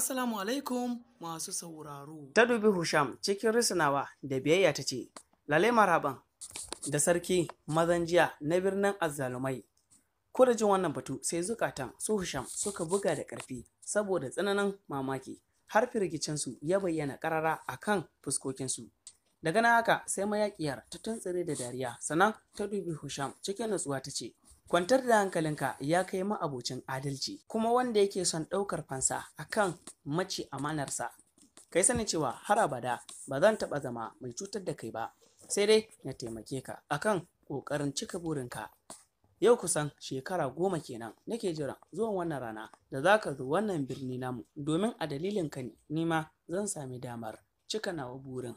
Assalamu alaikum masu sauraro. Ta dubi Husham cikin risinawa da biyayya ta ce, Lale maraban da sarki mazan jiya na birnin azzalumai. Ko da jin wannan batu sai zukatan su Husham suka buga da ƙarfi saboda tsananin mamaki har firgicinsu ya bayyana ƙarara a kan fuskokinsu. Daga na haka sai mayaƙiyar ta tuntsire da dariya sannan ta dubi Husham cikin natsuwa ta ce, kwantar da hankalinka ya kai ma'abocin adalci kuma wanda yake son ɗaukar fansa akan mace amanarsa kai sani cewa har abada ba zan taɓa zama mai cutar da kai ba sai dai na taimake ka akan ƙoƙarin cika burinka yau kusan shekara goma kenan nake jira zuwan wannan rana da za ka zo wannan birni namu domin a dalilin ka ni nima zan sami damar cika nawa burin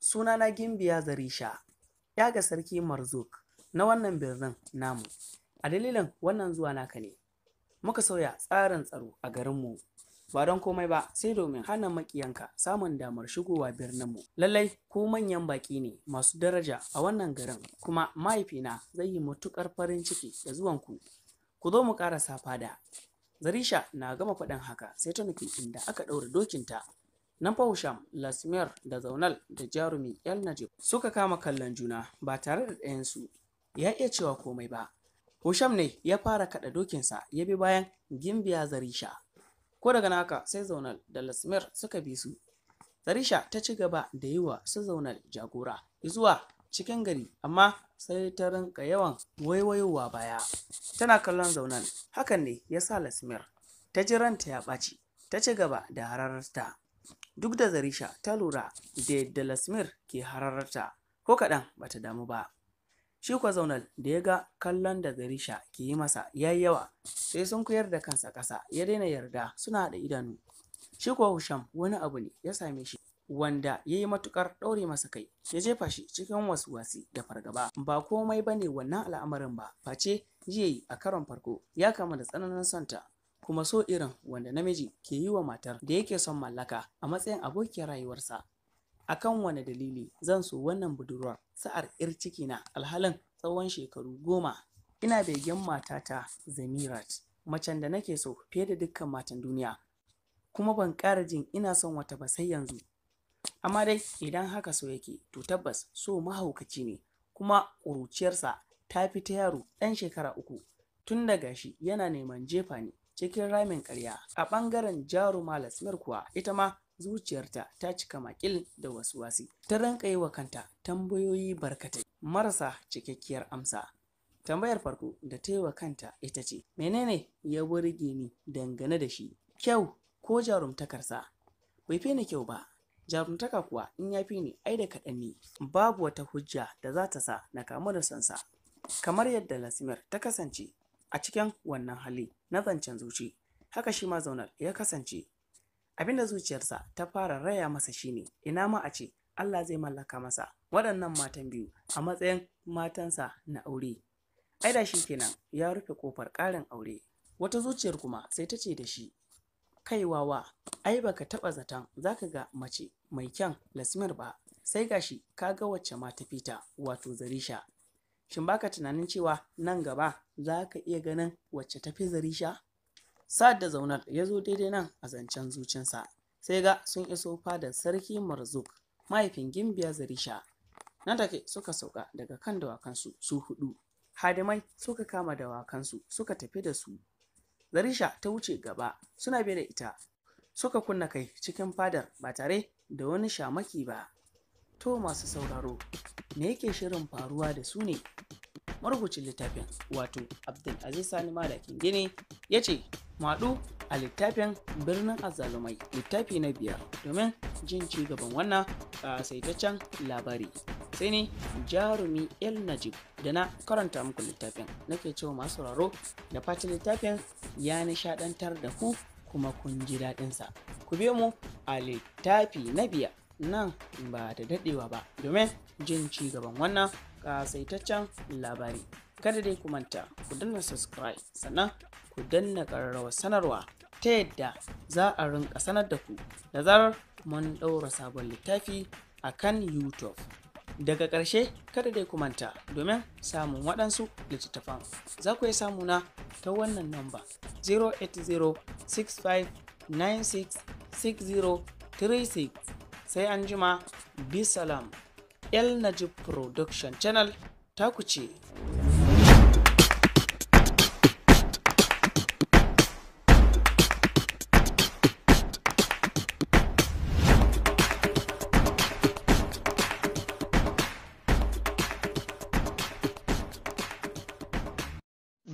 sunana gimbiya zarisha ya ga sarki marzuk na wannan birnin namu a dalilin wannan zuwa naka ne muka sauya tsarin tsaro a garinmu ba don komai ba sai domin hana makiyanka samun damar shigowa birninmu lallai ku manyan baki ne masu daraja a wannan garin kuma mahaifina zai yi matukar farin ciki da zuwanku ku zo mu karasa fada zarisha na gama faɗin haka sai ta nufi inda aka ɗaura dokinta nan fahusham lasmir da zaunal da jarumi yal najib suka kama kallon juna ba tare da ɗayansu ya iya cewa komai ba. Husham ne ya fara kaɗa dokinsa ya bi bayan Gimbiya Zarisha. Ko daga naka sai zaunar da Lasmir suka bi su. Zarisha ta ci gaba da yi wa su Zaunal jagora zuwa cikin gari amma sai ta rinka yawan waiwayowa baya. Tana kallon zaunar. hakan ne ya sa Lasmir ta ji ranta ya ɓaci ta ci gaba da hararta. Duk da Zarisha ta lura da yadda Lasmir ke hararta ko kaɗan bata damu ba. Shi kwa zaunar da ya ga kallon da Garisha ke yi masa ya yi yawa sai sun koyar da kansa ƙasa ya daina yarda suna da idanu. Shi kuwa Husham wani abu ne ya same shi wanda ya yi matukar ɗaure masa kai ya jefa shi cikin wasu wasi da fargaba ba komai ba ne wannan al'amarin ba face jiya yi a karon farko ya kama da tsananin santa kuma so irin wanda namiji ke yi wa matar da yake son mallaka a matsayin abokiyar rayuwarsa akan wane dalili zan so wannan budurwa sa'ar 'yar cikina alhalin tsawon shekaru goma ina begen matata zamirat macen da nake so fiye da dukkan matan duniya kuma ban ƙara jin ina son wata ba sai yanzu amma dai idan haka so yake to tabbas so mahaukaci ne kuma ƙuruciyarsa ta fi ta yaro ɗan shekara uku tun da gashi yana neman jefa ne cikin ramin karya, a ɓangaren jaruma lasmir kuwa ita ma zuciyarta ta cika makil da wasu wasi. ta ranka yi wa kanta tambayoyi barkatai marasa cikakkiyar amsa tambayar farko da ta yi wa kanta ita ce menene ya burge ni dangane da shi kyau ko jarumtakarsa bai fi ni kyau ba jarumtaka kuwa in ya fi ni ai da kaɗan ne babu wata hujja da za ta sa na kamu da sansa kamar yadda lasimir ta kasance a cikin wannan hali na zancen zuci haka shi ma zaunar ya kasance Abin da zuciyarsa ta fara raya masa shine ina ma a ce Allah zai mallaka masa waɗannan matan biyu a matsayin matansa na aure. Ai da shi kenan ya rufe kofar ƙarin aure. Wata zuciyar kuma sai ta ce da shi kai wawa ai baka taɓa zaton zaka ga mace mai kyan lasmir ba sai gashi ka ga wacce ma ta fita wato zarisha. Shin baka tunanin cewa nan gaba zaka iya ganin wacce ta fi zarisha? sa'ad da zaunar ya zo daidai nan a zancen zuciyarsa sai ga sun iso fadar sarki marzuk mahaifin gimbiya zarisha nan take suka sauka daga kan dawakansu su hudu hadimai suka kama dawakansu suka tafi da su zarisha ta wuce gaba suna biye da ita suka kunna kai cikin fadar ba tare da wani shamaki ba to masu sauraro me yake shirin faruwa da su ne marubucin littafin wato abdulaziz sani malakin gini ya ce maɗu a littafin birnin azalumai littafi na biyar domin jin ci gaban wannan saitaccen labari sai ne jarumi el najib da na karanta muku littafin nake cewa masu sauraro da fatan littafin ya nishadantar da ku kuma kun ji daɗinsa ku biyo mu a littafi na biyar nan ba da daɗewa ba domin jin ci gaban wannan ƙasaitaccen labari kada dai ku manta ku danna subscribe sannan ku danna ƙararrawa sanarwa ta yadda za a rinka sanar da ku da zarar mun ɗaura sabon littafi a kan youtube daga ƙarshe kada dai ku manta domin samun waɗansu littattafan za ku iya na ta wannan namba 08065966036 sai an jima bisalam el najib production channel ta ku ce